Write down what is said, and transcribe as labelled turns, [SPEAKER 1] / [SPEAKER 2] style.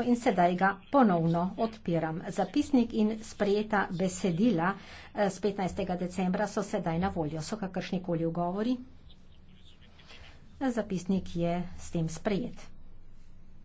[SPEAKER 1] No, in sedaj ga ponovno odpiram. Zapisnik in sprejeta besedila z eh, 15. decembra so sedaj na voljo. So kakršnikoli ugovori? Zapisnik je s tem sprejet.